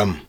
am